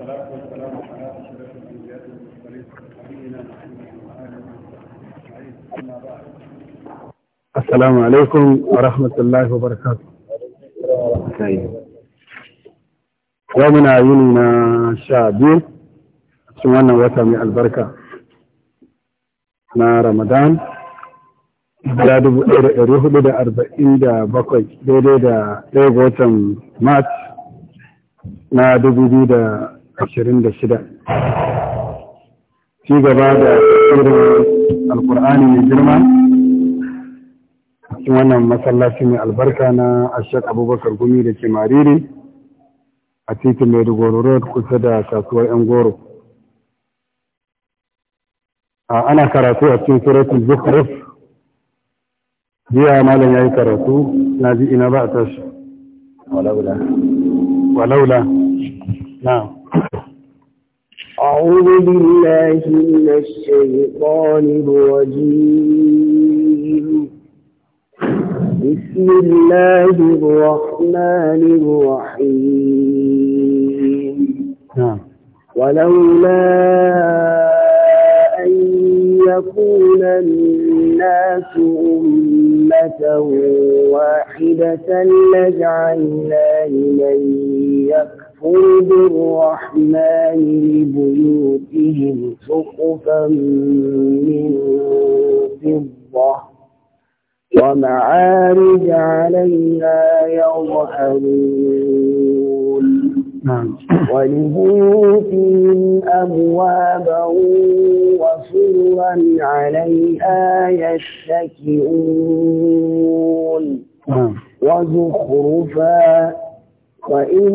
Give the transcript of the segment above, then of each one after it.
الصلاة والسلام على أشرف الأنبياء والمرسلين نبينا محمد وآله yini na sha biyu cikin wannan wata mai albarka na ramadan da dubu daidai da ɗaya watan mat na dubu biyu da ashirin da shida ci gaba da tafsirin alkur'ani mai girma cikin wannan masallaci mai albarka na ashek abubakar gumi da ke mariri a titin rigoro road kusa da kasuwar yan goro ana karatu a cikin suratul zukhruf jiya malam yi karatu na ji ina ba a tashi walaula walaula na'am أعوذ بالله من الشيطان الرجيم بسم الله الرحمن الرحيم نعم ولولا أن يكون الناس أمة واحدة لجعلنا لمن قل بالرحمن لبيوتهم سقفا من فضة ومعارج عليها يظهرون نعم. ولبيوتهم أبوابا وسرا عليها يشتكئون نعم. وزخرفا وإن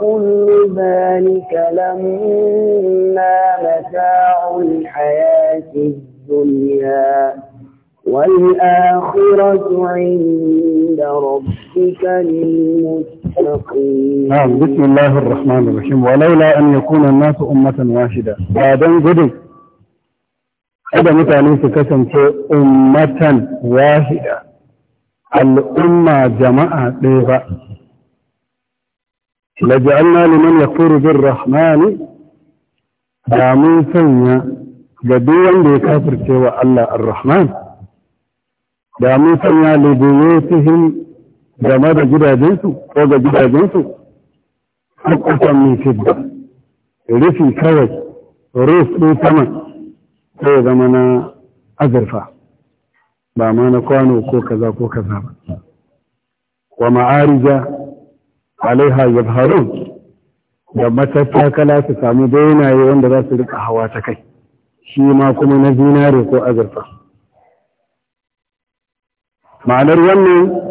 كل ذلك لما متاع الحياة الدنيا والآخرة عند ربك للمتقين نعم بسم الله الرحمن الرحيم ولولا أن يكون الناس أمة واحدة بعدين قدر هذا mutane su kasance أمة واحدة الأمة jama'a لجعلنا لمن يكفر بالرحمن da mun sanya ga duk wanda ya kafirce wa Allah ar-Rahman da mun sanya libuyotihim game da gidajensu ko ga gidajensu haƙƙasan min fidda rufi kawai ruf ɗin sama sai zama na azurfa ba ma na kwano ko kaza ko kaza ba wa ma'arija alaiha yabharun da matattakala su samu benaye wanda za su rika hawa ta kai shi ma kuma na zinare ko azurfa ma'anar wannan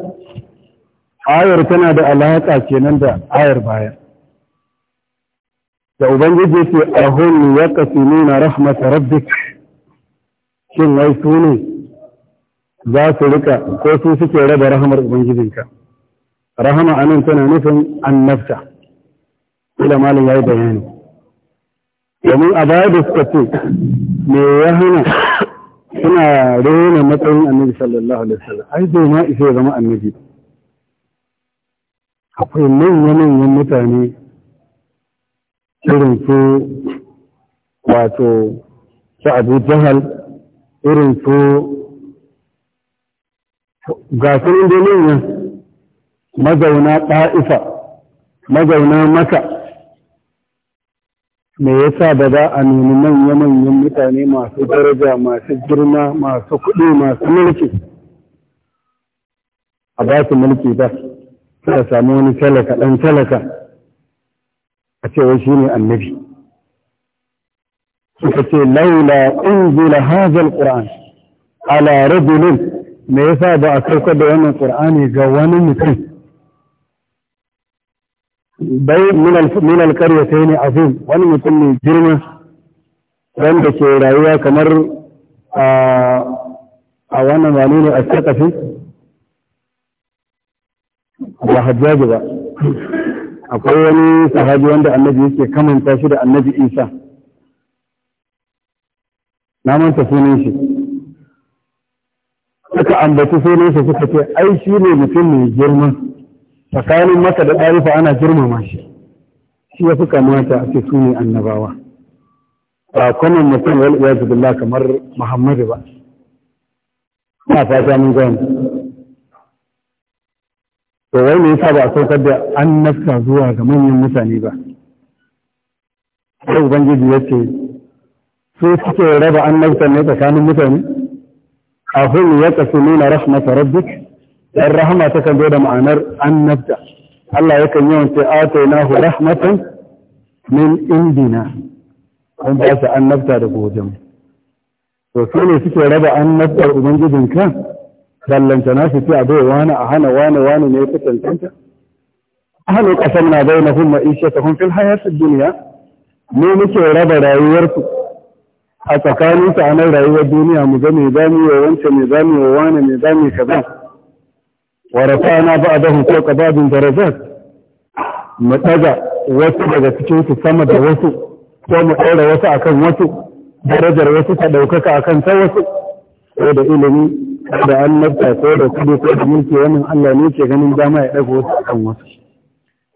ayar tana da alaƙa kenan da ayar baya da ubangiji ce ahun ya kasu nuna rahmata rabbik shin wai su ne za su rika ko su suke raba rahmar ubangijinka rahama anan tana nufin annabta ila malin yi bayani domin a baya da suka ce me ya hana suna rena matsayin annabi sallallahu alaihi wasallam ai bai ma isa ya zama annabi akwai manya-manyan mutane irin su wato su abu jahal irin su ga su inda manyan mazauna ɗa'ifa mazauna maka me yasa da za a nuna manya-manyan mutane masu daraja masu girma masu kuɗi masu mulki a ba su mulki ba suka samu wani talaka ɗan talaka a cewa shi ne annabi suka ce laula unzila hazal qur'an ala rajulin me yasa ba a saukar da wannan qur'ani ga wani mutum bai min sai ne azim wani mutum mai girma wanda ke rayuwa kamar a wannan wani ne a sarkafi ba hajjaji ba akwai wani sahabi wanda annabi yake kamanta shi da annabi isa na manta sunan shi suka ambaci sunan shi suka ce ai shi ne mutum mai girma tsakanin masa da ɗarifa ana girmama shi shi ya fi kamata a ake su ne annabawa ba kwanan mutum wal iyazu billah kamar muhammadu ba ina fata mun gani to wai me yasa ba a saukar da annabta zuwa ga manyan mutane ba sai ubangiji ya ce su suke raba annabta ne tsakanin mutane kafin ya kasu nuna rahmatar rabbik dan rahama takan zo da ma'anar annabta Allah yakan yawan ce atainahu rahmatan min indina an ba shi annabta daga wajen to su ne suke raba annabtar ubangijinka ballanta na su ce a bai wani a hana wani wani ne ya tantanta ahalu kasam na bai na hunna ishe ta hun fil hayatul duniya ne muke raba rayuwarsu a tsakanin su a nan rayuwar duniya mu ga me zamu yi wa wance me zamu yi wa wani me zamu yi kaza na ورفعنا ko فوق بعض mu ɗaga wasu daga cikin su sama da wasu ko mu ɗaura wasu akan wasu darajar wasu ta ɗaukaka akan ta wasu ko da ilimi ko da annabta ko da kudi ko da mulki wannan Allah ne ke ganin dama ya ɗaga wasu akan wasu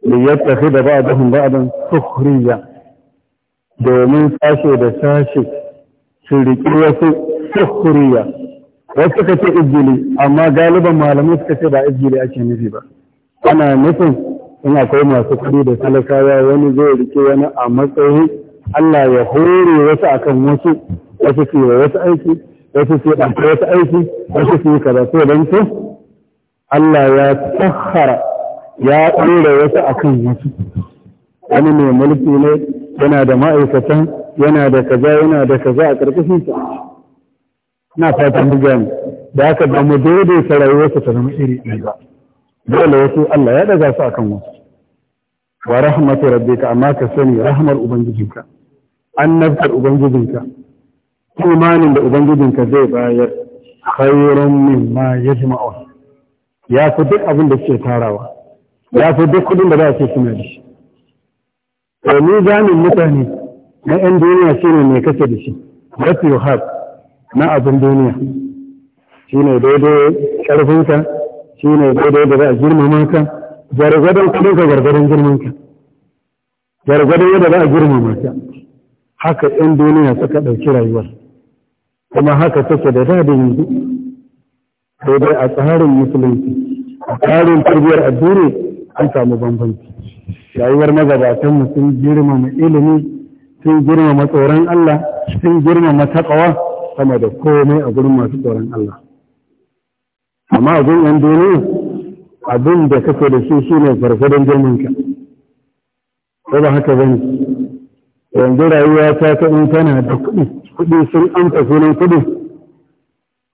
da a fi ba a ba'adan sukhriya domin sashe da sashe su riƙi wasu sukhriya wasu suka ce izgili amma galiban malamai suka ce ba izgili ake nufi ba ana nufin ina akwai masu kuɗi da talakawa wani zai rike wani a matsayi Allah ya hore wasu akan wasu wasu su yi wasu aiki wasu su yi ɗanka wasu aiki wasu su yi kaza sai don su Allah ya tsohara ya ɗora wasu akan wasu wani mai mulki ne yana da ma'aikatan yana da kaza yana da kaza a ƙarƙashinsa na fatan bugan da aka ba mu ta rayuwarsa ta zama iri ɗaya ba dole wasu Allah ya daga su akan wasu wa rahmatu rabbika amma ka sani rahmar ubangijinka annabtar ubangijinka imanin da ubangijinka zai bayar khairun mimma yajma'u ya fi duk abin da suke tarawa ya fi duk kudin da za su ce suna da shi to ni mutane na yan duniya shine ne kake da shi what you have na abin duniya shi ne daidai ƙarfinka shi ne daidai da za a girmama ka gargadon kudinka gargadon girmanka gargadon yadda za a girmama ka haka ɗan duniya suka ɗauki rayuwar kuma haka take da daɗin yanzu daidai a tsarin musulunci a tsarin tarbiyyar addini an samu bambanci rayuwar magabatanmu sun girmama ilimi sun girmama tsoron Allah sun girmama taƙawa sama da komai a gurin masu tsoron Allah amma a gurin yan duniya abin da kake da shi shine farfadon girmanka ko ba haka bane yanzu rayuwa ta ta in tana da kuɗi kuɗi sun amsa sunan kuɗi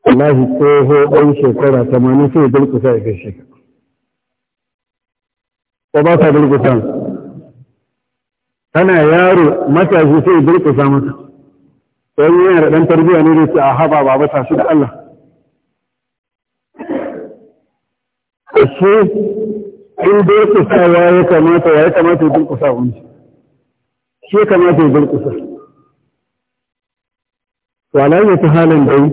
wallahi tsoho ɗan shekara tamanin sai bulkusa ya kai shekara ko ba ta bulkusa? tana yaro matashi sai bulkusa mata. in yana da ɗan tarbiyya ne da su a haɓa ba ba shi da Allah shi in dai kusawa ya kamata ya kamata ya durkusa wani shi ya kamata ya durkusa walaye ta halin dai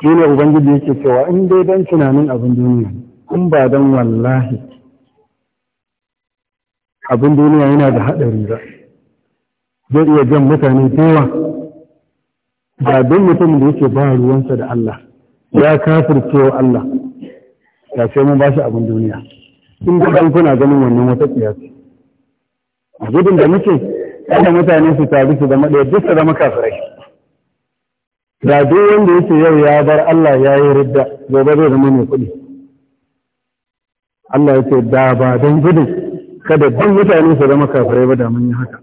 shi ne ubangiji yake cewa in dai don tunanin abin duniya in ba don wallahi abin duniya yana da haɗari ba zai iya jan mutane da yawa ba don mutumin da yake ba ruwansa da Allah ya kafir cewa Allah ya sai mun ba shi abin duniya in ga dan kuna ganin wannan wata kiyasi a gudun da muke kada mutane su taru su zama ɗaya duk su zama kafirai da duk wanda yake yau ya bar Allah ya yi ridda gobe zai zama mai kuɗi Allah ya ce da ba don gudun kada duk mutane su zama kafirai ba da mun yi haka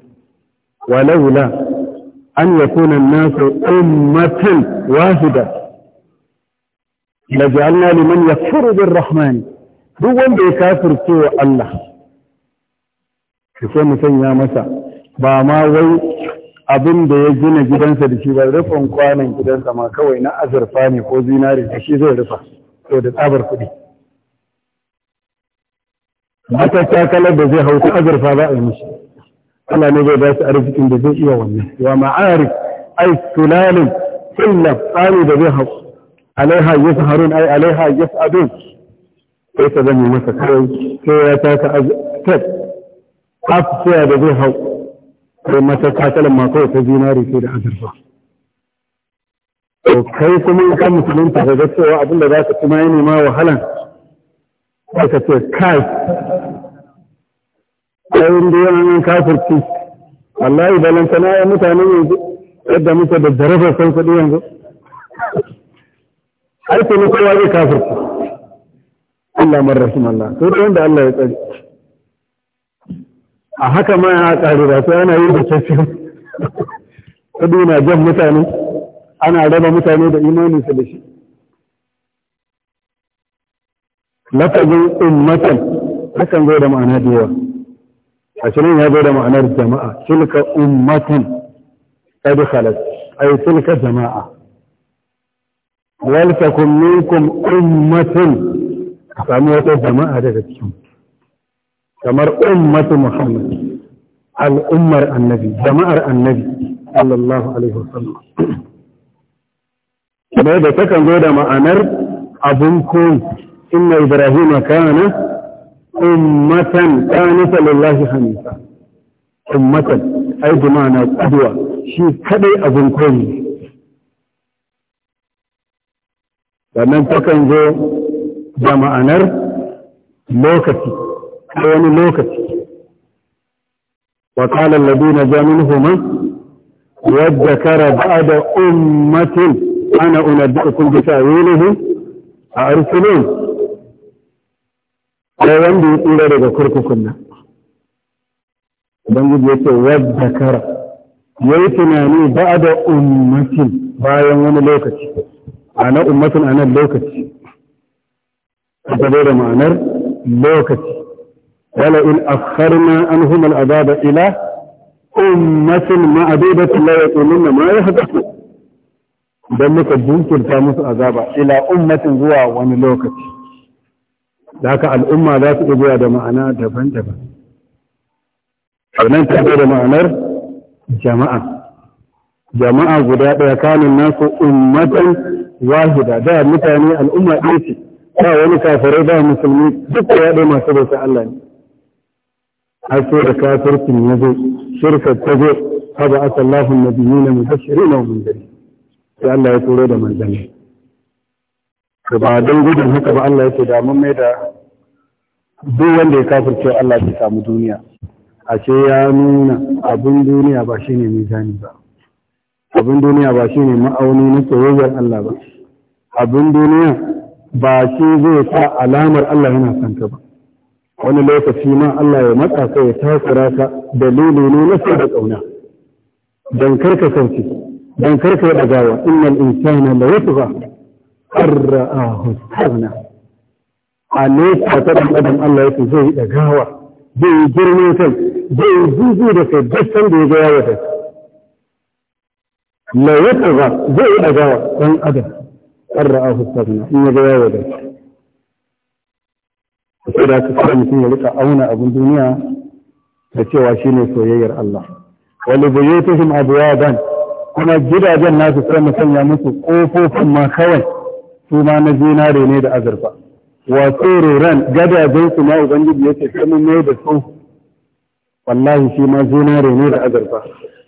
walaula an يكون الناس أمة واحدة لجعلنا لمن يكفر بالرحمن هو bir يكافر duk wanda ya kafirce يا Allah sai mu masa ba wai abin da ya gina gidansa da shi ba rufin kwanan gidansa ma kawai na azurfa ne ko zinari da shi zai rufa to da tsabar kuɗi mata takalar da zai hau ta azurfa za a yi mishi Allah ne zai ba su arzikin da zai iya wannan wa ma'arif ai sulalin illa tsani da zai haƙu alaiha Harun. ai alaiha yasadun sai ta zama masa kai sai ya taka azkar sai da zai hau sai mata katalan ma kawai ta zinari sai da azurfa to kai kuma kan musulunta ka ga cewa abin da za ka kuma yi ma wahalan sai ka ce kai A ayoyin da yawan kafirci wallahi na ya mutane yanzu yadda muke da jarabar san kuɗi yanzu aiki ne kowa zai kafirci Allah marrahim Allah to da wanda Allah ya tsari. a haka ma ya tsare ba sai ana yin da kafin kuɗi na jan mutane ana raba mutane da imaninsu da shi lafazin ummatan hakan zo da ma'ana da yawa عشان هذا ده معنى الجماعة تلك أمة أدخلت أي تلك جماعة ولتكن منكم أمة فأمرت جماعة لكم تمر أمة محمد الأمة النبي جماعة النبي صلى الله عليه وسلم كما إذا تكن ده معنى أبوكم إن إبراهيم كان أمة قانتة لله حنيفة أمة أي بمعنى قدوة شيء كبير أبن كوني takan zo da ma'anar lokaci a wani lokaci wa kala ladina jamin homa wadda kara ba da ummatin ana unar da ukun bisa wilihu a arsulun sai wanda ya tsira daga kurkukun nan ubangiji ya ce wadda kara ya yi tunani ba da ummatin bayan wani lokaci a ana ummatin a nan lokaci a ta da ma'anar lokaci wala in akharna an humal azaba ila ummatin ma'adudatin la yaquluna ma yahdathu don muka jinkirta musu azaba ila ummatin zuwa wani lokaci da haka al'umma za su iya da ma'ana daban-daban sannan ta da ma'anar jama'a jama'a guda ɗaya kanin nasu ummatan wahida da mutane al'umma ɗaya ce ba wani kafirai ba musulmi duk da yaɗe masu bauta Allah ne A so da kafircin ya zo shirkar ta zo haba asallahun nabiyina na wani mundari sai Allah ya turo da manzanni ba don gudun haka ba Allah yake da mun mai da duk wanda ya kafirce Allah ya samu duniya ashe ya nuna abin duniya ba shine mizani ba abin duniya ba shine ma'auni na soyayyar Allah ba abin duniya ba shi zai sa alamar Allah yana son ka ba wani lokaci ma Allah ya matsa kai ya tsara ka dalili ne na sai da kauna dan karka kauce dan karka dagawa innal insana la yatgha an ra'ahu sarna a nesa ta ɗan adam Allah yake zai ɗagawa zai girme kai zai zuzu da kai dukkan da ya ga yawo da la yataza zai ɗagawa ɗan adam an ra'ahu sarna in ya ga yawo da sai da ka mutum ya rika auna abin duniya da cewa shine soyayyar Allah wali buyutuhum abwaban kuma gidajen nasu sai mu sanya musu kofofin ma kawai su ma na zinare ne da azurfa wa tsororan gadajen su ma ubangiji yace sai mun mai da su wallahi shi ma zinare ne da azurfa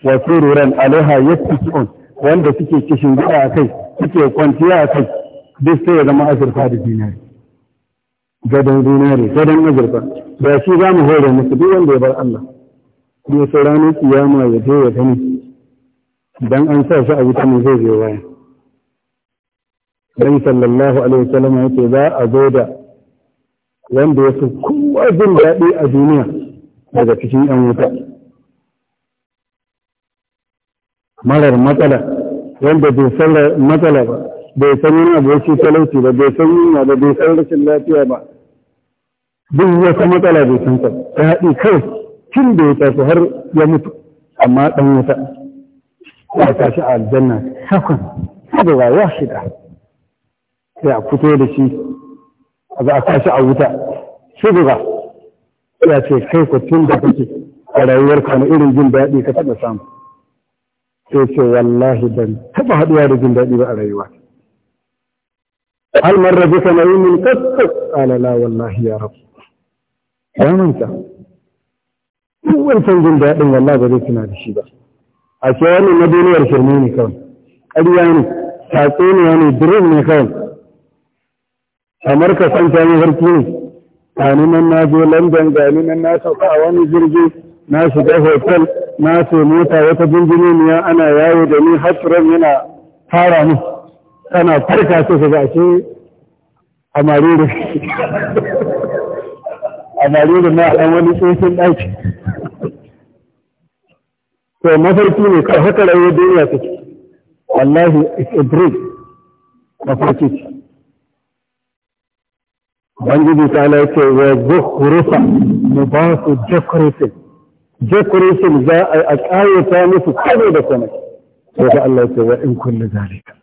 wa tsororan alaiha yattasun wanda suke kishin gida a kai suke kwanciya a kai duk sai ya zama azurfa da zinare gadon zinare gadon azurfa da shi za mu hore musu duk wanda ya bar Allah kuma sai ranar kiyama ya je ya gani dan an sa shi a wuta mu zai je waya Nabi sallallahu alaihi wasallam yake za a zo da wanda ya fi kowa jin daɗi a duniya daga cikin ‘yan wuta. Marar matsala, wanda bai san matsala ba, bai san yin aboki talauci ba, bai san yunwa ba, bai san rashin lafiya ba. Duk wata matsala bai san ta, ta haɗi kai tun da ya tafi har ya mutu, amma ɗan wuta. Ya tashi a aljanna, sakon, saboda ya shida. sai a fito da shi a za a sa a wuta shugaba ya ce kai ku tun da kake a rayuwar ka na irin jin daɗi ka taɓa samu sai ce wallahi ban taɓa haɗuwa da jin daɗi ba a rayuwa hal marra bika na'imin qattu qala la wallahi ya rabb ya manta duk wancan jin daɗin wallahi ba zai tuna da shi ba a ce wani na duniyar shirme ne kawai ƙarya ne tatsuniya ne dirin ne kawai kamar ka san ta mafarki ne gani nan na je london gani nan na sauka a wani jirgi na shiga hotel na ce mota wata jinjiniya ana yawo da ni haturan yana fara ni tana farka ce su gashi a maririn a maririn na ɗan wani tsohon ɗaki to mafarki ne ka haka rayuwar duniya take wallahi it's a dream mafarki ce ubangiji ta ala yake wa zukhrufa mubasu jakrifin jakrifin za a ƙayata musu kare da kuma sai da Allah yake wa in kullu zalika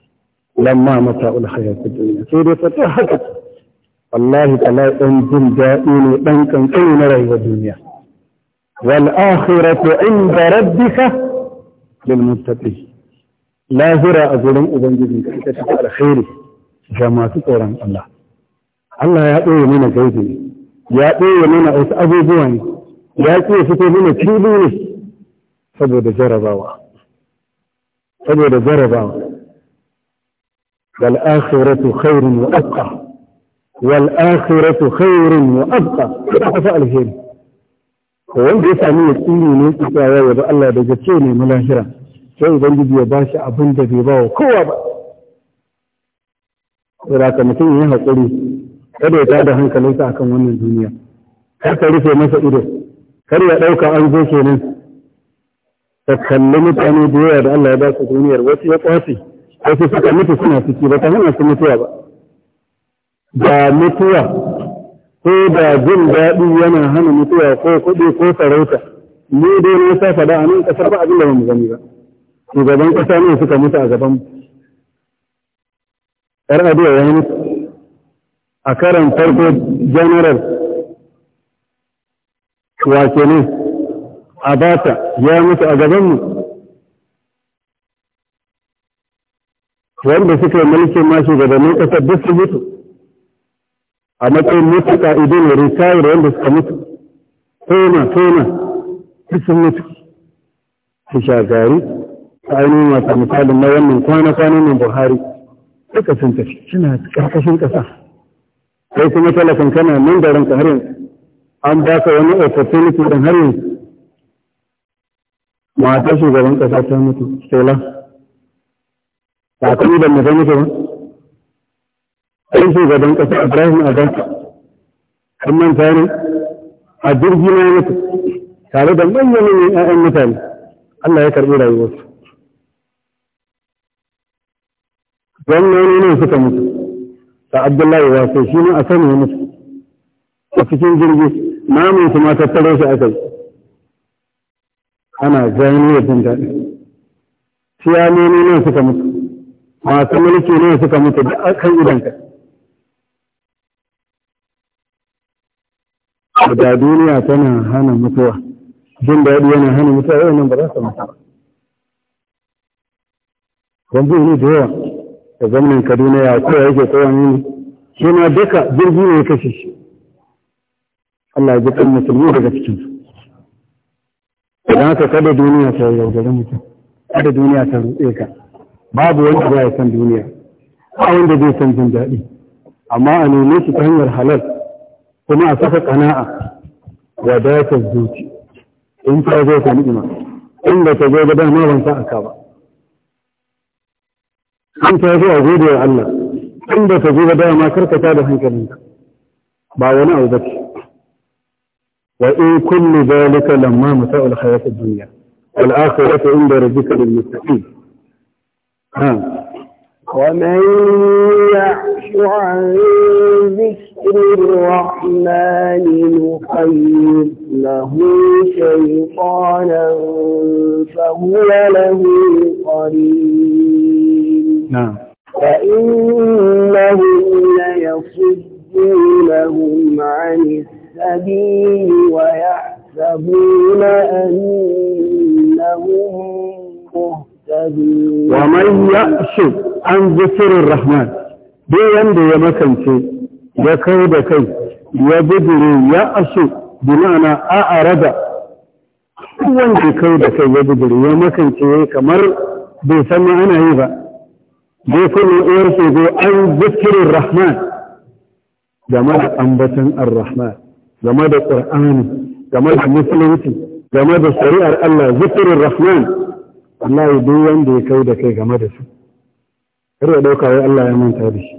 lamma mata'ul hayati dunya sai dai fata haka wallahi tala dan jin daɗi ne dan kankani na rayuwar duniya wal akhiratu inda rabbika lil muttaqin lahira a gurin ubangiji ka ta alkhairi ga masu tsoron Allah Allah ya ɗoye mana gaibi ya ɗoye mana wasu abubuwa ne ya ce fito mana fili ne saboda jarabawa saboda jarabawa wal akhiratu khairun wa abqa wal akhiratu khairun wa abqa da fa alheri wanda ya sami yaqini ne tsaya ya yaba Allah da gace ne na lahira sai ubangiji ya bashi abin da bai ba kowa ba saboda mutum ya haƙuri. kada ya tada hankalinsa akan wannan duniya kar ka rufe masa ido kar ya ɗauka an zo kenan ka kalli mutane da yawa da Allah ya ba su duniyar wasu ya kwasi wasu suka mutu suna ciki ba ta hana su mutuwa ba ba mutuwa ko da jin daɗi yana hana mutuwa ko kuɗi ko sarauta ni dai na sa faɗa a nan ƙasar ba abin da ba mu gani ba shugaban ƙasa ne suka mutu a gaban mu ƴar abuwa ya mutu a karan farko general wake ne a bata ya mutu a gabanmu wanda suka yi mulkin ma shugabannin ƙasar duk su mutu a matsayin mutu ka'idin retire wanda suka mutu tona tona duk sun mutu su shagari ta ainihin wata misalin na wannan kwana-kwanan buhari duka sun tafi suna ƙarƙashin ƙasa sai kuma talakan kana nan da ranka har yanzu an ba ka wani opportunity din har yanzu Mata shugaban kasa ta mutu sola ba yi da mutum mutu ba sai shugaban kasa ibrahim a an manta tare a jirgi na mutu tare da manyan manyan 'ya'yan mutane allah ya karɓi rayuwarsu gwamnoni ne suka mutu ta abdullahi ya sai shi ne a sani ya mutu a cikin jirgi namun kuma ma tattaro shi aka yi ana gani ya jin daɗi siyaloni ne suka mutu masu mulki ne suka mutu da akan idanka da duniya tana hana mutuwa jin daɗi yana hana mutuwa yau nan ba za su mutu ba. Wanzu ne da yawa da gwamnan kaduna ya koya yake koya mini shi ma duka jirgi ne kashe shi Allah ya ji kan musulmi daga cikin su idan aka kada duniya ta yaudare mutum kada duniya ta rutse ka babu wanda za ya san duniya ba wanda zai san jin daɗi amma a neme shi ta hanyar halal kuma a saka kana'a wadatar zuci in ta zo ka ni'ima in ba ta zo ga dama ban sa aka ba in ta zuwa gode wa Allah in ba ta zo ba dama karkata da hankalinka ba wani abu bace wa in kullu zalika lamma mata'ul hayat ad-dunya wal akhiratu inda rabbika lil muttaqin ha ومن يعش عن ذكر الرحمن نخيط له شيطانا فهو له قريب Ka inni na huɗu ya fi kuna mu ya shiga anjima'n furen Rahman, don yadda ya makance ya kai da kai ya bi da dare, ya ashe duniya na ƙarafa, kai da kai ya bi ya makance ya kamar bai san ana yi ba. gefen uwar su zo an zikirin rahman game da ambatan ar-rahman game da qur'ani game da musulunci game da shari'ar Allah zikirin rahman wallahi duk wanda ya kai da kai game da su kar ya wai Allah ya manta da shi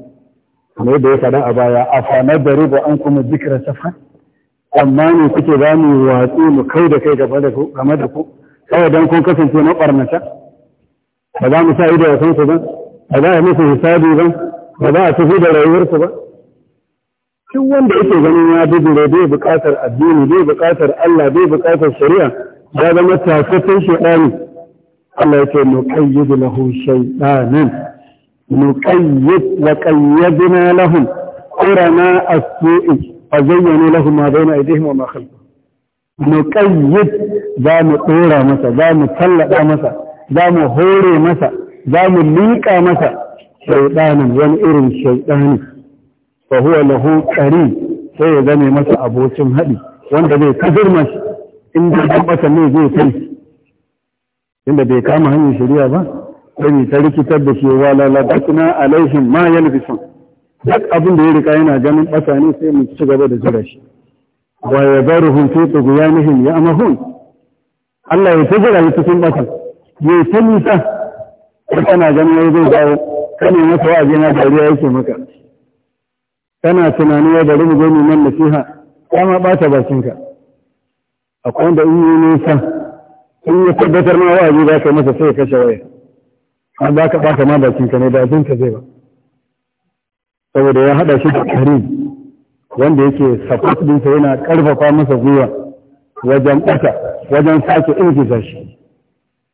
kamar da ya faɗa a baya a fana da riba an kuma zikira safa amma ne kuke za mu watsi mu kai da kai game da ku kawai don kun kasance maɓarnata ba za mu sa ido a kansu ba a za a musu hisabi ba ba za a tafi da rayuwarsu ba duk wanda yake ganin ya bijire bai buƙatar addini bai buƙatar Allah bai buƙatar shari'a ya zama takakken shaɗani Allah ya ce nuqayyid lahu shaytanan nuqayyid wa qayyadna lahum qurana as-su'i fa zayyana lahum ma bayna aydihim wa ma khalfahum nuqayyid za mu dora masa za mu tallada masa za mu hore masa za mu liƙa masa shaiɗanin wani irin shaiɗanin ba huwa lahu ƙari sai ya zame masa abokin haɗi wanda zai kafir mashi inda ɓata ne zai kai inda bai kama hanyar shari'a ba sai ta rikitar da shi wa a alaihim ma son duk abin da ya rika yana ganin ɓata ne sai mu ci gaba da jira shi wa yadaruhum fi ya Amahun. Allah ya ya cikin ɓata ya ta nisa ko kana ganin wai zai dawo kana masa wa'azi na dariya yake maka kana tunani ya bari mu gani nan nasiha kama bata bakinka akwai wanda in yi nisa in ya tabbatar ma wa'azi za ka masa sai ya kashe waya an za ka bata ma bakinka ne da abinka zai ba saboda ya haɗa shi da kare wanda yake support ɗinsa yana ƙarfafa masa gwiwa wajen ɓata wajen sake ingiza shi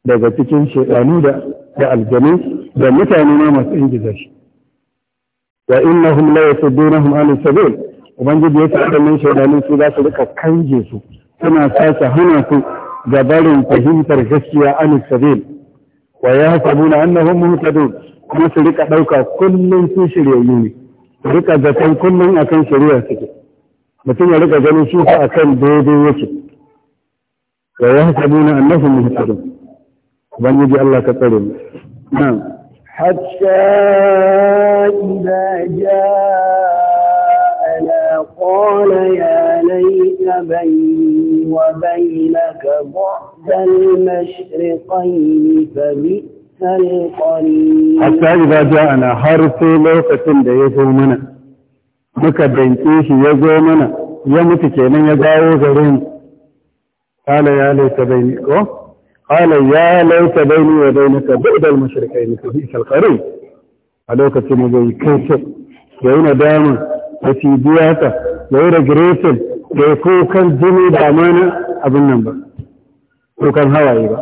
daga cikin shaidanu da da aljanu da mutane ma masu ingiza shi wa innahum la yasuddunahum an sabil ubangiji yake sa nan shaidanu su za su rika kanje su suna sace hana su ga barin fahimtar gaskiya an sabil wa yahsabuna annahum muhtadun kuma su rika dauka kullun su shiryayyu ne su rika zaton kullun akan shari'a suke mutum ya rika ganin su akan daidai yake wa yahsabuna annahum muhtadun ubangiji Allah ka tsare mu hatta idza ja'ana qala ya layta bayni wa baynaka bu'da al-mashriqayn fa bi'sa al-qarin hatta idza ja'ana har sai lokacin da ya zo mana muka danke shi ya zo mana ya mutu kenan ya dawo garin kala ya laita bayni ko قال يا ليت بيني وبينك بعد المشركين فبئس القرين a lokacin da zai kai su ya yi nadama ya ci biyata ya yi regretin ya yi kukan jini da amana abin nan ba kukan hawaye ba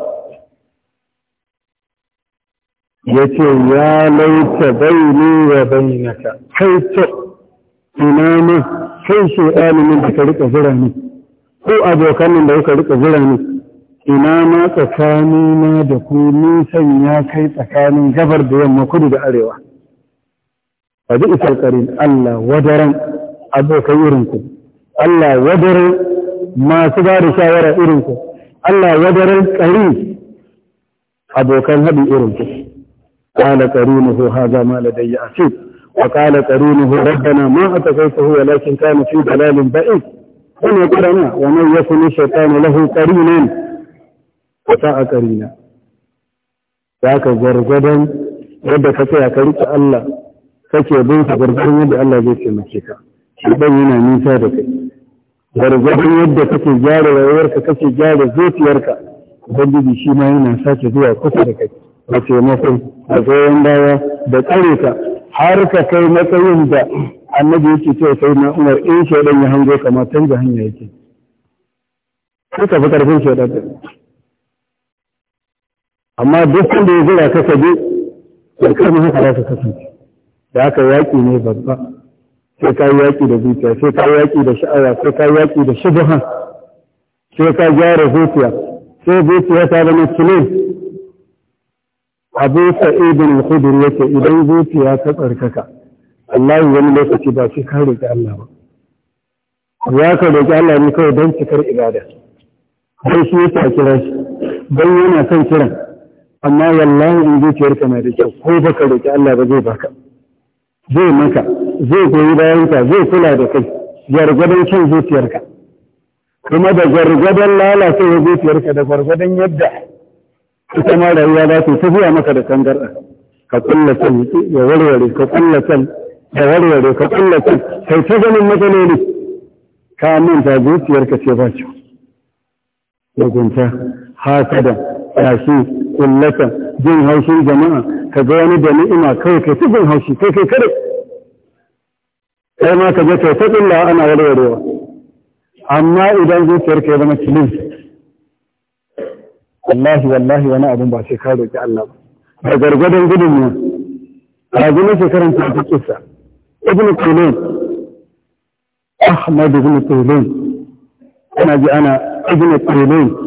ya ce ya laita baini wa bainaka kai to ina ne kai shi ɗalibin da ka rika zira ne ko abokan da kuka rika zira ne ina ma tsakanina da ku nisan ya kai tsakanin gabar da yamma kudu da arewa a duk isar ƙarin Allah wadaran abokan irinku Allah wadaran masu ba da shawara irinku Allah wadaran ƙari abokan haɗin irinku قال قرينه هذا ما لدي عتيد وقال قرينه ربنا ما أتقيته ولكن كان في ضلال بعيد هنا قرنا ومن يكن الشيطان له ne? wata a ƙarina za ka gwargwadon yadda ka tsaya ka riƙe Allah kake bin ka gwargwadon yadda Allah zai taimake ka shi ɗan yana nisa da kai gwargwadon yadda kake gyara rayuwarka kake gyara zuciyarka ubangiji shi ma yana sake zuwa kusa da kai da taimakon a goyon baya da tsare ka har ka kai matsayin da annabi yake cewa sai na umar in shaidan ya hango kama canza hanya yake. Kuka fi ƙarfin shaidan amma duk wanda ya zira ka kaje karkar mu haka za ka kasance da haka yaƙi ne babba sai ka yaƙi da zuciya sai ka yaƙi da sha'awa sai ka yaƙi da shubuha sai ka gyara zuciya sai zuciya ta zama kilin abu sa'idin al hudun yake idan zuciya ta tsarkaka Allah wani lokaci ba shi ka ga Allah ba ya ka roƙi Allah ne kawai don cikar ibada sai shi yasa kira shi don yana kan kiran amma wallahi in zuciyar na da kyau ko baka roki Allah ba zai baka zai maka zai goyi bayan ka zai kula da kai gargadon kan zuciyarka kuma da gargadon lalacewar zuciyarka da gargadon yadda ita ma rayuwa za ta tafiya maka da kangarɗa ka kulla san ya warware ka kulla san ya warware ka kulla san kai ta ganin matsaloli ka manta zuciyarka ce ba ce haka hasada yashi Kullata jin haushin jama'a ka ga wani da ni'ima kai kai ta jin haushi kai kai kare kai ma ka je kai ta kulla ana warwarewa amma idan zuciyar ka ya zama kilin wallahi wallahi wani abin ba sai ka roki Allah ba A gargadon gudun ne a gina shekaran ta ta kisa ibn kulun ahmad ibn kulun ana ji ana ibn kulun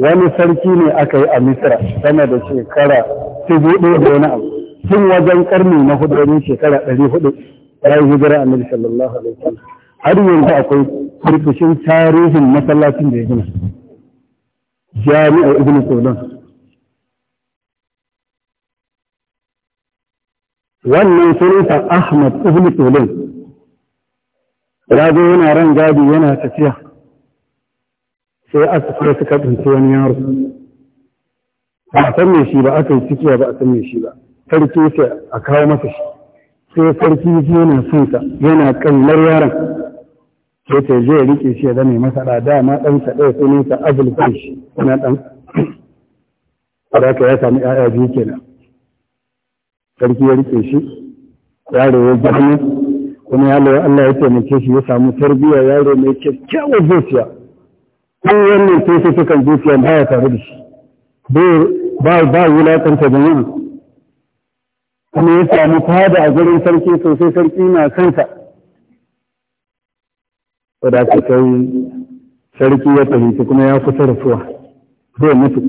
wani sarki ne aka yi a misra sama da shekara dubu ɗaya da wani abu tun wajen karni na hudu wani shekara ɗari hudu ya yi hijira annabi sallallahu alaihi wasallam har yanzu akwai kurkushin tarihin masallacin da ya gina jami'ar ibn sudan wannan sunansa ahmad ibn sudan ya zo yana ran gadi yana tafiya sai aka suka tsinci wani yaro ba a san me shi ba aka yi cikiya ba a san me shi ba sarki sai a kawo masa shi sai sarki yana son sa yana kallar yaron sai ta je ya rike shi ya zame masa da dama dan sa ɗaya sunan sa abul fashi kuma dan haka ya sami ƴaƴa biyu kenan sarki ya rike shi yaro ya girma kuma yaro Allah ya taimake shi ya samu tarbiyya yaro mai kyakkyawar zuciya ko wannan su kan zuciya ba ya tare da shi ba ba wulakanta jama'a kuma ya samu fada a gurin sarki sosai sarki na kansa wadda ka kai sarki ya fahimci kuma ya kusa rasuwa zai mutu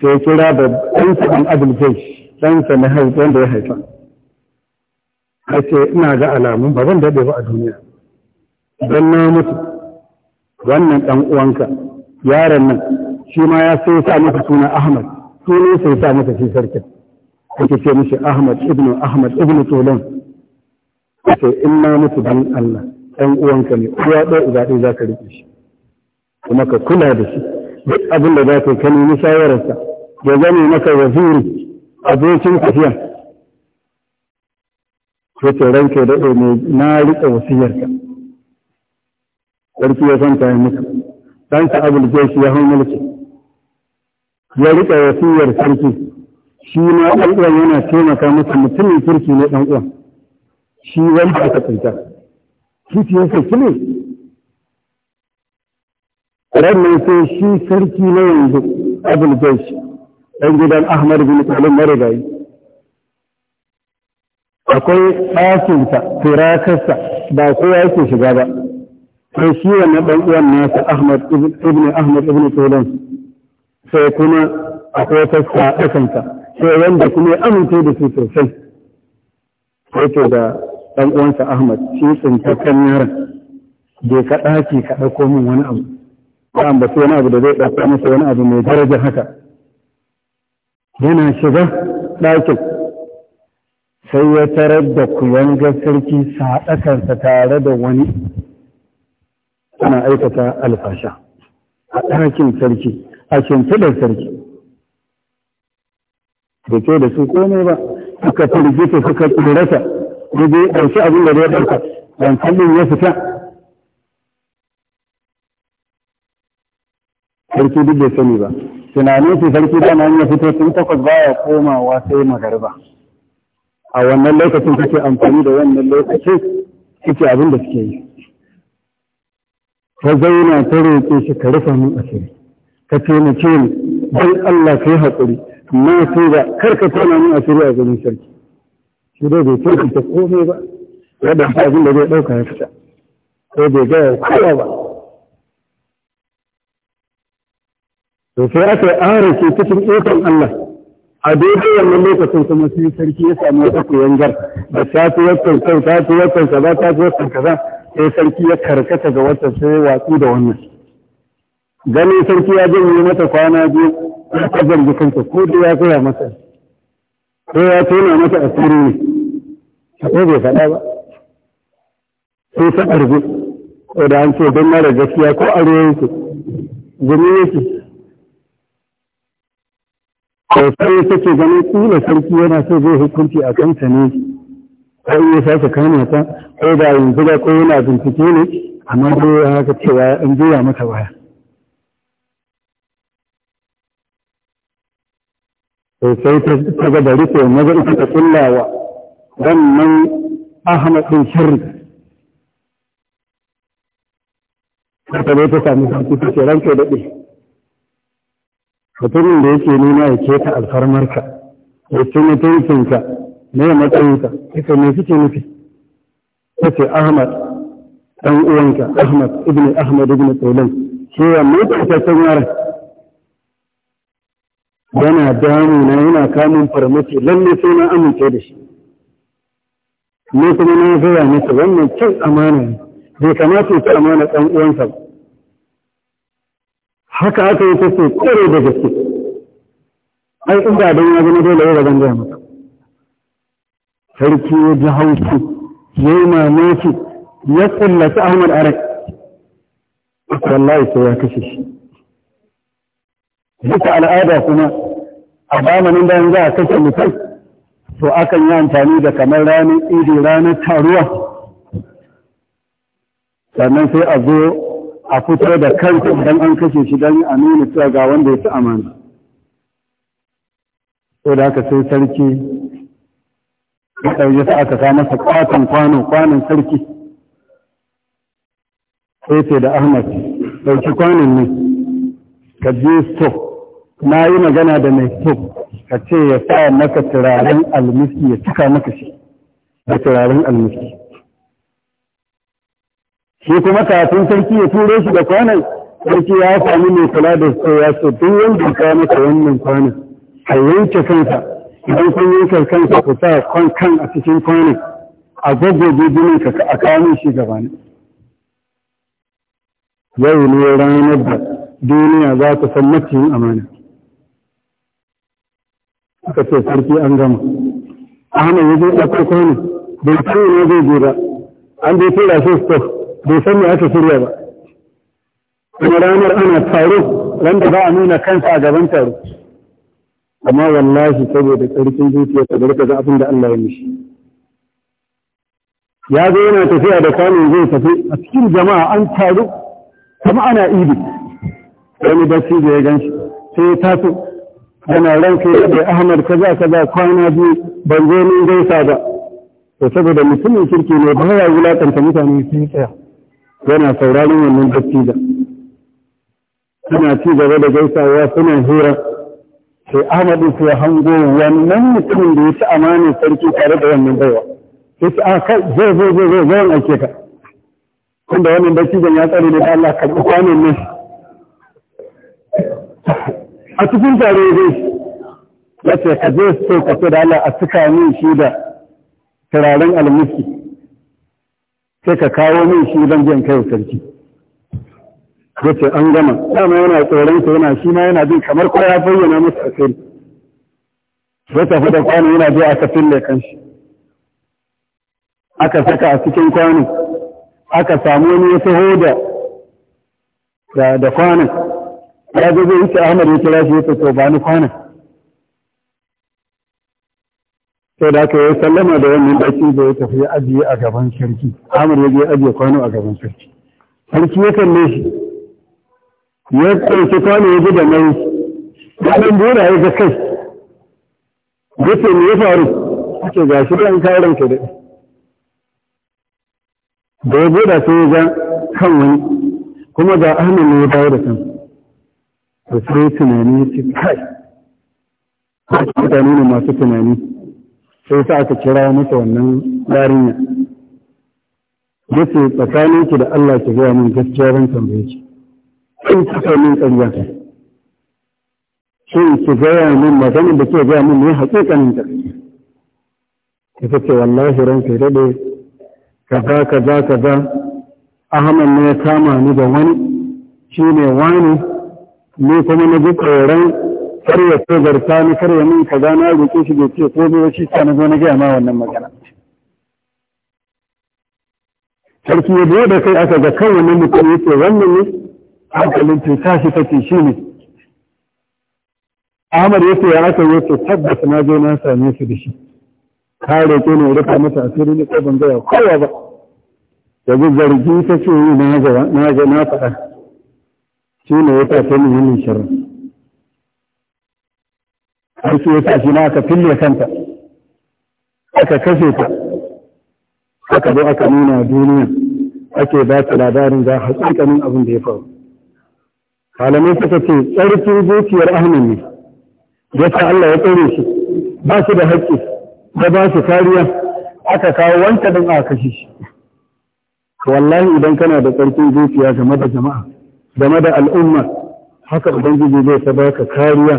sai kira da ɗansa ɗan jai, ɗansa na wanda ya haifa ya ce ina ga alamun ba zan daɗe ba a duniya don na mutu wannan ɗan uwanka yaron nan shi ma ya so sa masa suna Ahmad ne sai sa masa shi sarkin ake ce mishi Ahmad ibn Ahmad ibn Tulun in inna mutu dan Allah ɗan uwanka ne uwa ɗaya uba ɗaya za ka riƙe shi kuma ka kula da shi duk abin da za ka ka nemi shawararsa ya zame maka waziri abokin tafiya ce ranka da na riƙe wasiyarka sarki ya santa ya mutu ɗansa abul jeshi ya hau mulki ya ya wasiyar sarki shi ma ɗan uwan yana taimaka masa mutumin kirki ne ɗan uwan shi wanda aka tsinta ya sarki ne rannan sai shi sarki na yanzu abul jeshi ɗan gidan ahmad bin talib marigayi akwai ɗakinsa firakarsa ba kowa yake shiga ba sai shi wannan dan uwan nasa Ahmad ibn Ahmad ibn Tulan sai kuma akwai ta sa'akansa sai wanda kuma ya amince da su sosai sai to da dan uwansa Ahmad shi tsinta kan yaran je ka ɗaki ka ɗauko min wani abu ba ambaci wani abu da zai ɗauko masa wani abu mai daraja haka yana shiga ɗakin sai ya tarar da kuyanga sarki saɗakansa tare da wani ana aikata alfasha a ɗakin sarki a shimfidar sarki da ke da su komai ba suka firgita suka tsorata da zai ɗauki abin da zai ɗauka don kallon ya fita sarki duk da sani ba tunanin su sarki na ya fito sun takwas baya komawa sai magariba a wannan lokacin kake amfani da wannan lokacin kike abin da suke yi ta zauna ta roƙe shi ka rufa min asiri ka ce ni dan Allah kai haƙuri amma sai ba kar ka tona min asiri a gurin sarki shi dai bai ta komai ba ya da abin da zai ɗauka ya fita ko bai ga kowa ba to sai aka ara ta cikin ikon Allah a daidai wannan lokacin kuma sai sarki ya samu wata gar da ta fi wakan kan ta fi wakan kaza ta fi wakan kaza sai sarki ya karkata ga wata sai watsi da wannan ganin sarki ya janye mata kwana biyu ya ta zargi kanta ko da ya koya mata ko ya tona mata asiri ne akwai bai faɗa ba sai ta arzu ko da an ce don mara gaskiya ko aro yake gumi yake ko sai take ganin kila sarki yana so zai hukunci a kanta ne ko ya sake kama ta ko da yanzu da ko yana bincike ne amma dai ya haka cewa an juya mata baya sai ta ga da rufe maza ita ta kullawa wannan ahmad din shirri ta ne ta sami sauki ta ce ranke daɗe mutumin da yake nuna ya keta alfarmarka ya ce mutuncinka me ya matsayinka ita me kike nufi kace ahmad dan uwanka ahmad ibn ahmad ibn tsolan shi ya mutu ta sanyar yana damu na yana kamun farmaki lalle sai na amince da shi ne kuma na gaya masa wannan cin amana ne bai kamata ya ci amana dan uwansa ba haka aka yi ta ce kore da gaske ai inda don ya zama dole ya gaban gaya maka. sarki ya ji haushi ya yi mamaki ya tsallaci ahmad arak wallahi sai ya kashe shi duka al'ada kuma a zamanin bayan za a kashe mutum to akan yi amfani da kamar ranar idi ranar taruwa sannan sai a zo a fito da kansa idan an kashe shi don a nuna cewa ga wanda ya ci amana. Sau da haka sai sarki ya ɗauye sa aka sa masa ƙaton kwano kwanon sarki sai ce da ahmad ɗauki kwanon ne ka je so na yi magana da mai so ka ce ya sa maka turaren almiski ya cika maka shi da turaren almiski shi kuma kafin sarki ya turo shi da kwanan sarki ya sami mai kula da so ya so duk wanda ya kawo maka wannan kwanan a yanke kansa idan kun yanke kansa ku sa kwan kan a cikin kwanin a gwagwaje jinin ka a kawo shi gaba ne yau ne ranar da duniya za ta san maciyin amana aka ce sarki an gama ahmad ya je ɗaukar kwanin bai ce ne zai je ba an bai tura shi stof bai san me aka shirya ba kuma ranar ana taro ran da ba a nuna kansa a gaban taro amma wallahi saboda tsarkin zuciya ta gari ga abin da Allah ya mishi ya zo yana tafiya da kwanon zai tafi a cikin jama'a an taru kuma ana idi wani bacci da ya shi. sai ya taso yana ran ya da Ahmad kaza kaza kwana biyu ban zo ni gaisa ba to saboda mutumin kirki ne ba ya wulakanta mutane sun tsaya yana sauraron wannan bacci da suna ci gaba da gaisawa suna hira sai Ahmadu sai hango wannan mutumin da ya ci amanin sarki tare da wannan baiwa ya ce a ah, kai zai zai zai zai zai ake ka tunda wannan barci dattijan ya tsare da Allah ka bi ne. a cikin tare zai ya ce ka je so ka ce da Allah a cika min shi da turaren almuski sai ka kawo min shi don jan kai sarki ya an gama dama yana tsoron sa yana shi ma yana jin kamar ko ya bayyana masa asiri sai tafi da kwano yana zuwa aka fille kanshi aka saka a cikin kwano aka samu wani ya taho da da kwanon ya zo zai wuce ahmad ya kira shi ya ce to ba ni kwanon sai da aka yi sallama da wannan daki da ya tafi ajiye a gaban sarki ahmad ya je ajiye kwano a gaban sarki sarki ya kalle shi ya ɗauki kwano ya ji da nauyi ya ɗan bora ya ga kai ya ce ya faru ake ga shi ɗan kayan ranka da da ya bora sai ya ga kan wani kuma ga ahmed ne ya dawo da kan da sai tunani ya ce kai ce mutane ne masu tunani sai sa aka kira masa wannan yarinya ya ce tsakaninki da Allah ki gaya min gaskiya ran tambaye ki in kika min ƙarya ta shi ki gaya min maganin da ke gaya min ne haƙiƙanin ta ita ce wallahi ka daɗe kaza kaza kaza ahmad ne ya kama ni da wani shi ne wani ne kuma na ji tsoron kar ya so zarta ni kar ya min kaza na roƙe shi bai ce ko bai shi sa na zo na gaya ma wannan magana sarki ya da kai aka ga kan wannan mutum ya ce wannan ne hankalinta ta shi take shi ne Ahmad ya ce ya aka yi ce tabbata na zo na same su da shi ka roƙe ne rufa mata asiri ne ko ban gaya kowa ba yanzu zargi ta ce yi na ga na faɗa shi ne ya tafi ta ne yin shirin har su ya sa na aka fille kanta aka kashe ta aka zo aka nuna duniya ake ba ta labarin ga haƙiƙanin abin da ya faru malamai suka ce tsarkin zuciyar ahmin ne yasa Allah ya tsare shi ba su da haƙƙi da ba su kariya aka kawo wanka don a kashe shi wallahi idan kana da tsarkin zuciya game da jama'a game da al'umma haka ubangiji zai ta baka kariya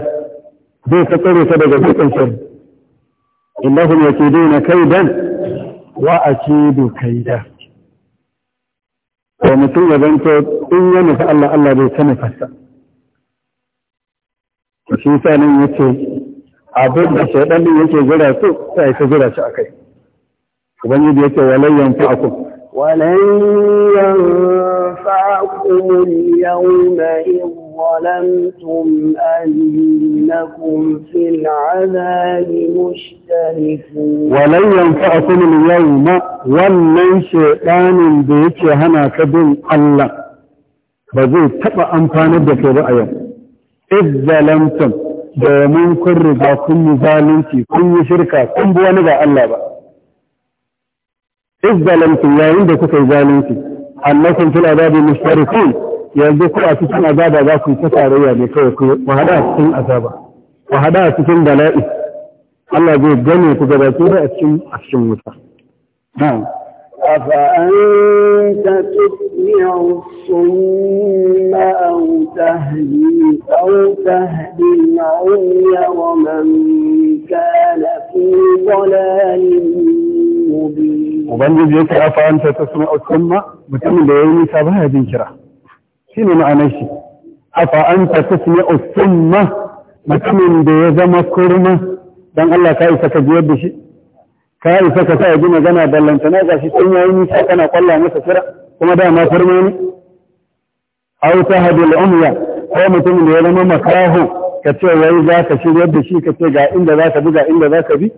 zai ta tsare ta daga dukkan shari illahum kai kaidan wa akidu kaida ko mutum ya zanto in ya nufi Allah Allah bai ta nufarsa shi sa nan ya ce abin da shaidan din yake jira su sai ta jira shi akai ubangiji yake walai yanfa akum walai yanfa akum al-yawma ظلمتم أنكم في العذاب مشتركون ولن ينفعكم اليوم ولن شيطان بيك هنا كبن الله taɓa تبع da بك رأيا إذ ظلمتم domin kun riga kun yi zalunci kun yi shirka kun bi wani ba Allah ba iz yayin da kuka yi zalunci annakum fil azabi mustarikun yanzu ku a cikin azaba za ku ta tarayya ne kawai ku wahada a cikin azaba wahada a cikin bala'i Allah zai gane ku gaba ku a cikin a cikin wuta na'am أفأنت تسمع الصم أو تهدي أو تهدي العمي ومن كان في ضلال مبين. وبنجد mutumin da تسمع الصم مثل ما يقول shi ne ma'anar shi afa an ta kusne usumma mutumin da ya zama kurma dan Allah ka isa ka jiyar da shi ka isa ka sa ya ji magana ballantana ga shi sun yayi nisa kana kwalla masa sura kuma da ma kurma ne aw tahadul umya ko mutumin da ya zama makaho ka ce wai za ka shiryar shi ka ce ga inda za ka bi ga inda za ka bi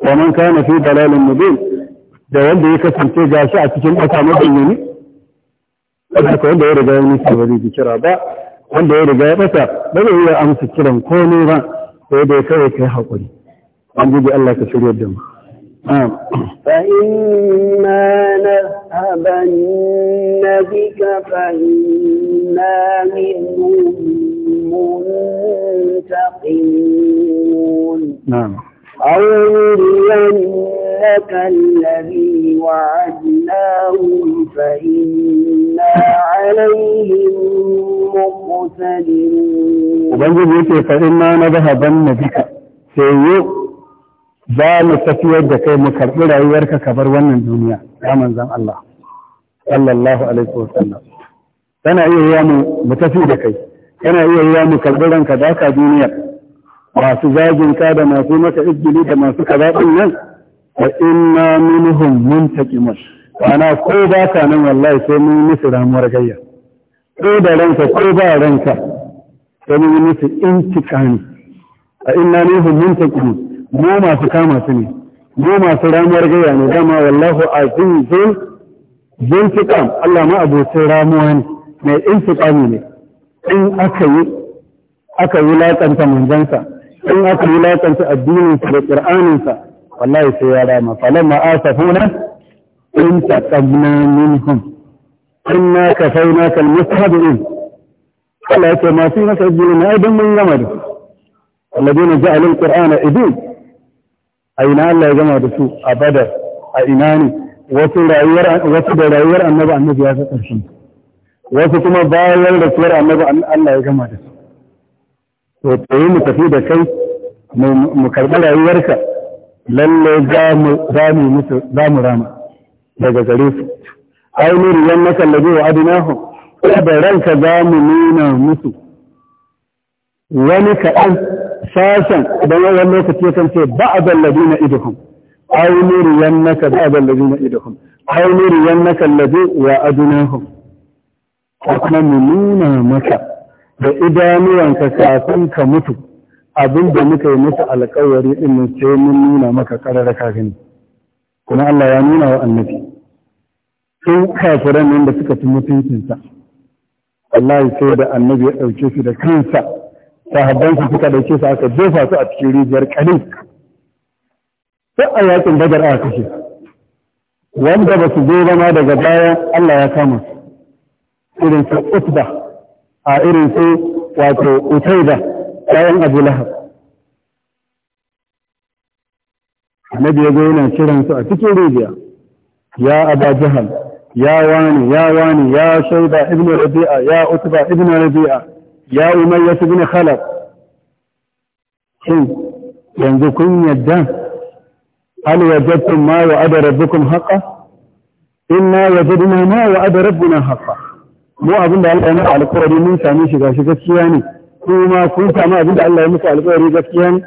wa man kana fi dalalin mubin da wanda ya kasance ga shi a cikin ƙasa mabayyani haka wanda ya riga ya nisa ba zai ji kira ba wanda ya riga ya bata ba zai iya amsa kiran komai ba sai dai kawai kai haƙuri an gudu Allah ka shirya da mu فإما نذهبن بك فإنا منهم منتقمون نعم أو نرينك الذي وعدناهم فإنا عليهم na وبنجد يكي na bika, sai سيئو za mu tafiyar da kai mu karɓi rayuwarka ka bar wannan duniya ya manzan Allah sallallahu alaihi wa sallam tana iya yi mu mu tafi da kai tana iya yi mu karɓi ranka za ka duniya masu zagin ka da masu maka izgili da masu kaza din nan wa inna minhum muntaqimun kwana ko ba ka nan wallahi sai mun musu ramuwar gayya ko da ranka ko ba ranka sai mun musu intikami a inna ne ta muntaqim mu masu kama su ne mu masu ramuwar gayya ne dama wallahu azizun zintiqam Allah ma abocin ramuwa ne mai intiqami ne in aka yi aka wulakanta manzansa in aka yi addinin sa, da qur'aninsa wallahi sai ya rama falamma asafuna إن انتقمنا منهم إنا كفيناك المستهدئين قال لك ما في نفع الدين أيضا من يمر الذين جعلوا القرآن إذين أين الله يا جماعة رسول أبدا أيناني وفي رأيور أن نبع النبي هذا ترشم وفي كما باول رسول أن نبع الله يا جماعة رسول وطين تفيد كي مكربل رأيورك للي زامي رامي مثل زامي رامي daga gare su ainihin yan na kallabi wa adinahu da ranka za mu nuna musu wani kaɗan sashen idan wajen lokaci kan ce ba a zallabi na idukun ainihin yan na ka ba a zallabi na idukun ainihin yan na kallabi wa adinahu a kuma mu nuna maka da idanuwanka kafin ka mutu abin da muka yi musu alkawari ɗin ce mun nuna maka ƙararraka gani kuma Allah ya nuna wa annabi sun kafiran nan da suka ci mutuncinsa wallahi sai da annabi ya ɗauke su da kansa sahabban su suka ɗauke su aka jefa su a cikin rijiyar kalin sai a yakin badar aka kashe wanda ba su zo ba daga baya Allah ya kama irin su utba a irin su wato utaida bayan abu lahab annabi ya zo yana su a cikin rijiya ya aba jihar يا واني يا واني يا شيبة ابن ربيعة يا أتبع ابن ربيعة يا أميس ابن خلق ينذكم يدا هل وجدتم ما وعد ربكم حقا إنا وجدنا ما وعد ربنا حقا مو أبن الله أنا على قرر من سامي شكا شكا شكياني كما كنت ما أبن الله أنا على قرر شكياني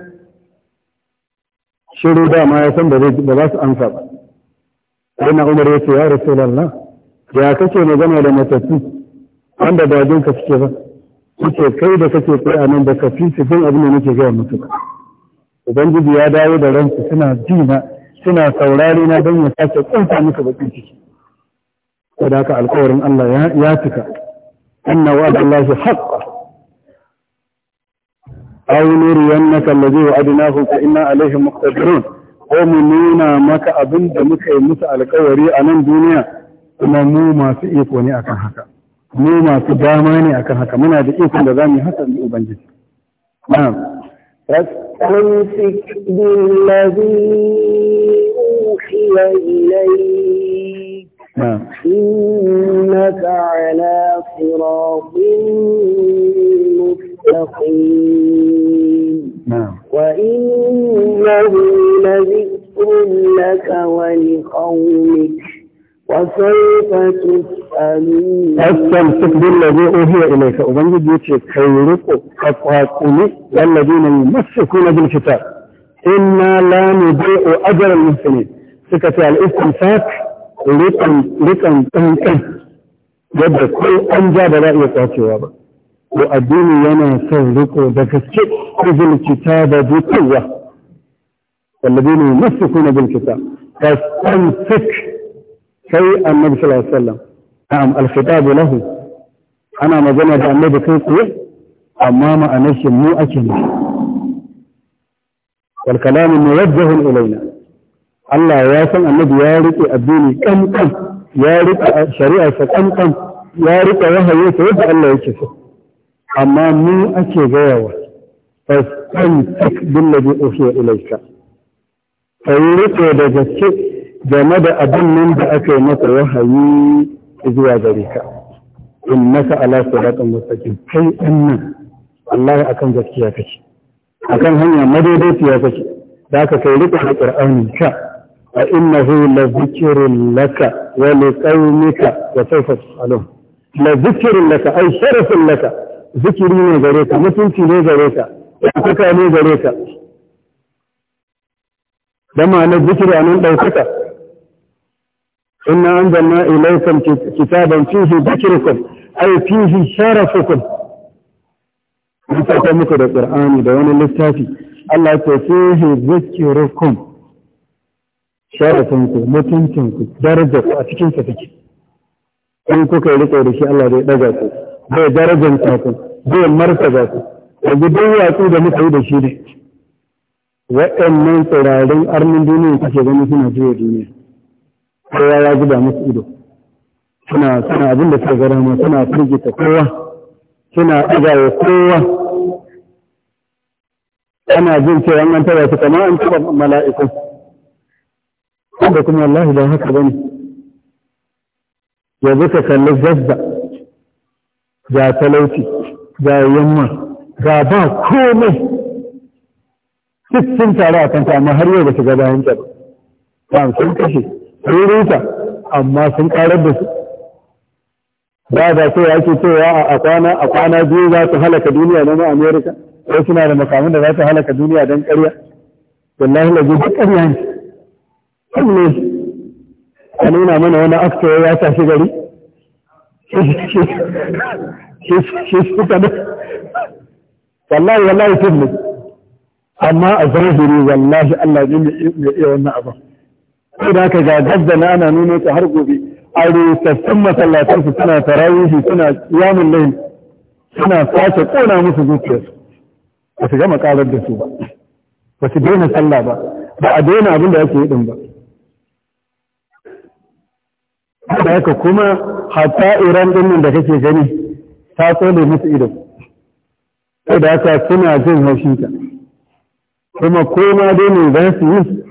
شروع ما يسمى بباس أنفر na umar ya ce ya rasulallah ya kake magana da matattu wanda ba jinka suke ba kuke kai da kake kai a nan da ka fi su abin da nake gaya musu ba ubangiji ya dawo da ransu suna na suna saurari na don ya sake kunta musu bakin ciki saboda haka alkawarin Allah ya cika anna wa'ada Allah shi haqqa aw nuriyannaka allazi wa'adnahu fa inna alayhim muqtadirun ko mu nuna maka abin da muka yi musu alkawari a nan duniya kuma mu masu iko ne akan haka mu masu dama ne akan haka muna da ikon da za mu yi hakan da ubangiji na'am فاستمسك بالذي أوحي إليك إنك على صراط مستقيم المتقين نعم وإنه لذكر لك ولقومك وسوف تسألون أستمسك بالذي أوهي إليك وبنجد يتشك خيرك أطاقني والذين يمسكون بالكتاب إنا لا نضيء أجر المحسنين سكة الاستمساك لكم لكم تنكم yadda كل أنجاب لا يتعطي وابا وأديني ينا تذلك وذكتك أخذ الكتاب قوة والذين يمسكون بالكتاب فاستمسك كي النبي صلى الله عليه وسلم نعم الخطاب له أنا ما جنى بأمي بكيكي أمام أنشي مو أكيم والكلام موجه إلينا الله واسم النبي يارك أبيني كم كم يارك شريعة كم كم يارك وهي يتوجه الله يكفر amma mu ake gaya gayawa fastantik billabi uhiya ilaika kai rike da gaske game da abin nan da aka yi masa wahayi zuwa gare ka innaka ala siratan mustaqim kai annan wallahi akan gaskiya kake akan hanya madaidaiciya kake da aka kai rike da qur'anin ka a innahu la zikrun laka wa liqaumika wa sawfa tusalun la zikrun laka ay sharafun laka zikiri ne gare ka mutunci ne gare ka ɗaukaka ne gare ka da ma'anar zikiri a nan ɗaukaka inna an zanna ilaikum kitaban fihi zikirkum ay fihi sharafukum mun saka muku da qur'ani da wani littafi Allah ta fihi zikirkum sharafunku mutuncinku darajar a cikin sa take in kuka yi rike da shi Allah zai daga ku zai darajanta ku zai martaba ku yanzu duk yatsu da muka yi da shi ne waɗannan tsirarin arnin duniya kake gani suna jiya duniya kowa ya zuba musu ido suna suna abin da suka gara ma suna firgita kowa suna ɗaga wa kowa ana jin cewa an taba su kamar an taba mala'iku wanda kuma Allah ya haka bane yanzu ka kalli zazza. ga talauci ga yamma ga ba komai duk sun taru a kanta amma har yau ba su ga bayan ta ba sun kashe ruruta amma sun karar da su ba da ya ke cewa a kwana a kwana biyu za su halaka duniya na ma amerika ko suna da makamun da za su halaka duniya don karya wallahi lagu duk karya ne kan ne a nuna mana wani akta ya tashi gari shi suka ne wallahi wallahi tun ne amma a zahiri wallahi Allah ne mai iya wannan abin sai da aka ga na ana nuna ta har gobe a rusassun masallatar su suna tarawihi suna yamun layin suna sace kona musu zuciyarsu ba su gama karar da su ba ba su daina sallah ba ba a daina abin da yake yi din ba da haka kuma hatta iran din da kake gani ta tsole musu ido sai da haka suna jin haushinta kuma koma dai ne za su yi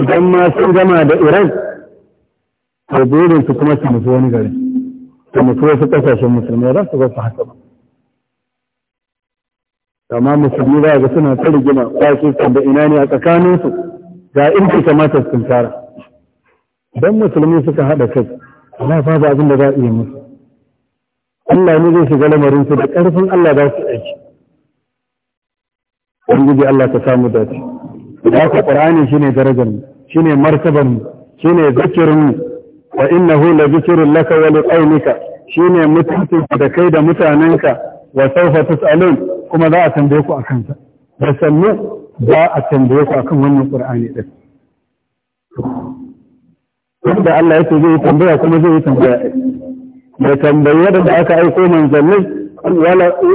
idan ma sun gama da iran to dole su kuma su mutu wani gari su mutu wasu kasashen musulmai za su basu haka ba amma musulmi za ga suna ta rigima kwashe da ina ne a tsakaninsu ga inda kamata su tunkara idan musulmi suka haɗa kai Allah ba abin da za a iya musu Allah ne zai shiga lamarin su da ƙarfin Allah za su aiki ubangiji Allah ta samu dace da haka qur'ani shine darajar mu shine martabar mu shine zikirin mu wa innahu la zikrun laka wa liqaumika shine mutuntun da kai da mutanenka wa sawfa tusalun kuma za a tambaye ku akan sa da sannu za a tambaye ku akan wannan qur'ani din wanda Allah yake zai tambaya kuma zai tambaya ya tambayi da aka aiko manzanni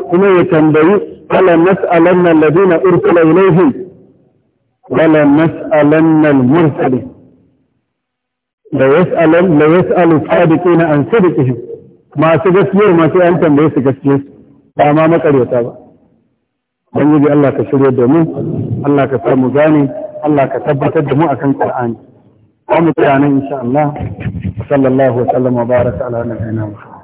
kuma ya tambayi wala nas'alanna alladhina ursila ilayhim wala nas'alanna al-mursalin la yas'alan la yas'alu sadiqina an sadiqihim masu gaskiyar masu yan tambaye su gaskiyar ba ma makaryata ba ubangiji Allah ka shirya da mu Allah ka samu gane Allah ka tabbatar da mu akan Qur'ani za mu tsaya nan insha Allah وصلى الله وسلم وبارك على نبينا محمد